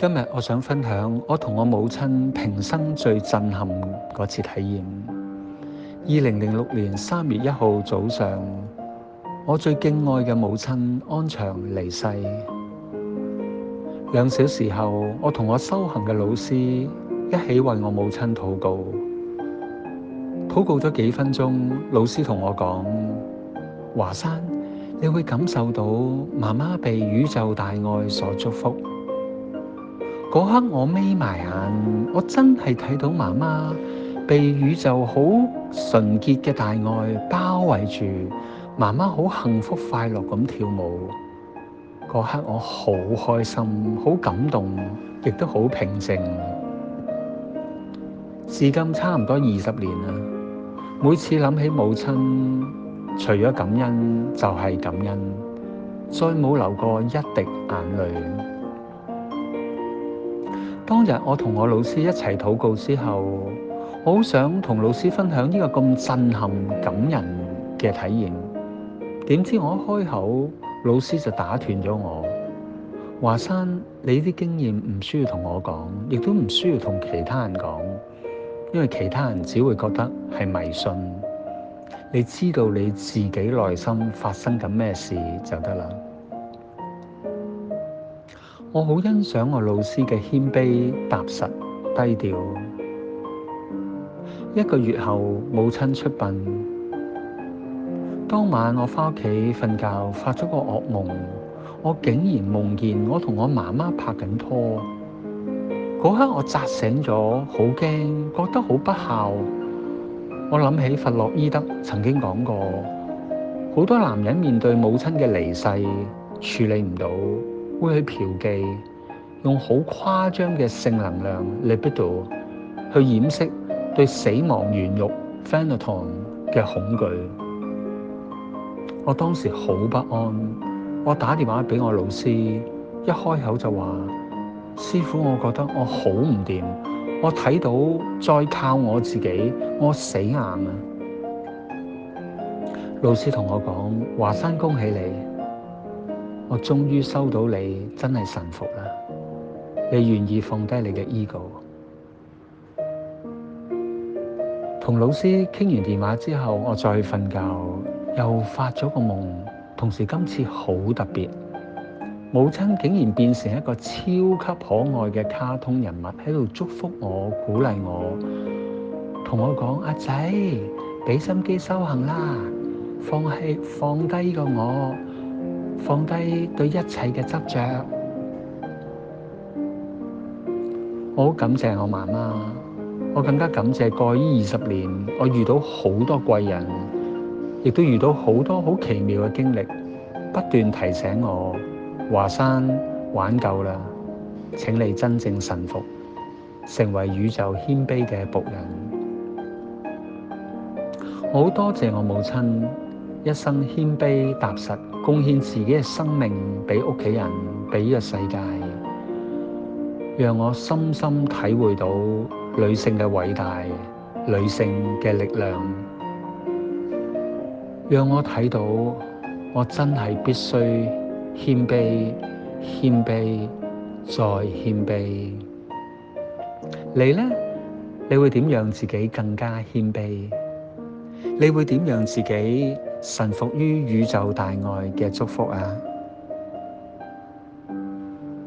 今日我想分享我同我母親平生最震撼嗰次體驗。二零零六年三月一號早上，我最敬愛嘅母親安詳離世。兩小時後，我同我修行嘅老師一起為我母親禱告，禱告咗幾分鐘，老師同我講：華山，你會感受到媽媽被宇宙大愛所祝福。嗰刻我眯埋眼，我真係睇到媽媽被宇宙好純潔嘅大愛包圍住，媽媽好幸福快樂咁跳舞。嗰刻我好開心，好感動，亦都好平靜。至今差唔多二十年啦，每次諗起母親，除咗感恩就係感恩，再冇流過一滴眼淚。當日我同我老師一齊禱告之後，我好想同老師分享呢個咁震撼感人嘅體驗。點知我一開口，老師就打斷咗我，華山，你啲經驗唔需要同我講，亦都唔需要同其他人講，因為其他人只會覺得係迷信。你知道你自己內心發生緊咩事就得啦。我好欣賞我老師嘅謙卑、踏實、低調。一個月後，母親出殯。當晚我翻屋企瞓覺，發咗個惡夢。我竟然夢見我同我媽媽拍緊拖。嗰刻我扎醒咗，好驚，覺得好不孝。我諗起弗洛伊德曾經講過，好多男人面對母親嘅離世，處理唔到。會去嫖妓，用好誇張嘅性能量 libido 去掩飾對死亡原、懸肉 f a n t a o n 嘅恐懼。我當時好不安，我打電話俾我老師，一開口就話：師傅，我覺得我好唔掂，我睇到再靠我自己，我死硬啊！老師同我講：華山，恭喜你！我終於收到你，真係臣服啦！你願意放低你嘅 ego，同老師傾完電話之後，我再瞓覺又發咗個夢，同時今次好特別，母親竟然變成一個超級可愛嘅卡通人物喺度祝福我、鼓勵我，同我講：阿仔，畀心機修行啦，放棄放低個我。放低對一切嘅執着。我好感謝我媽媽。我更加感謝過去呢二十年，我遇到好多貴人，亦都遇到好多好奇妙嘅經歷，不斷提醒我華山玩夠啦。請你真正臣服，成為宇宙謙卑嘅僕人。我好多謝我母親一生謙卑踏實。貢獻自己嘅生命俾屋企人，俾個世界，讓我深深體會到女性嘅偉大，女性嘅力量，讓我睇到我真係必須謙卑、謙卑再謙卑。你呢？你會點讓自己更加謙卑？你會點讓自己？臣服於宇宙大愛嘅祝福啊！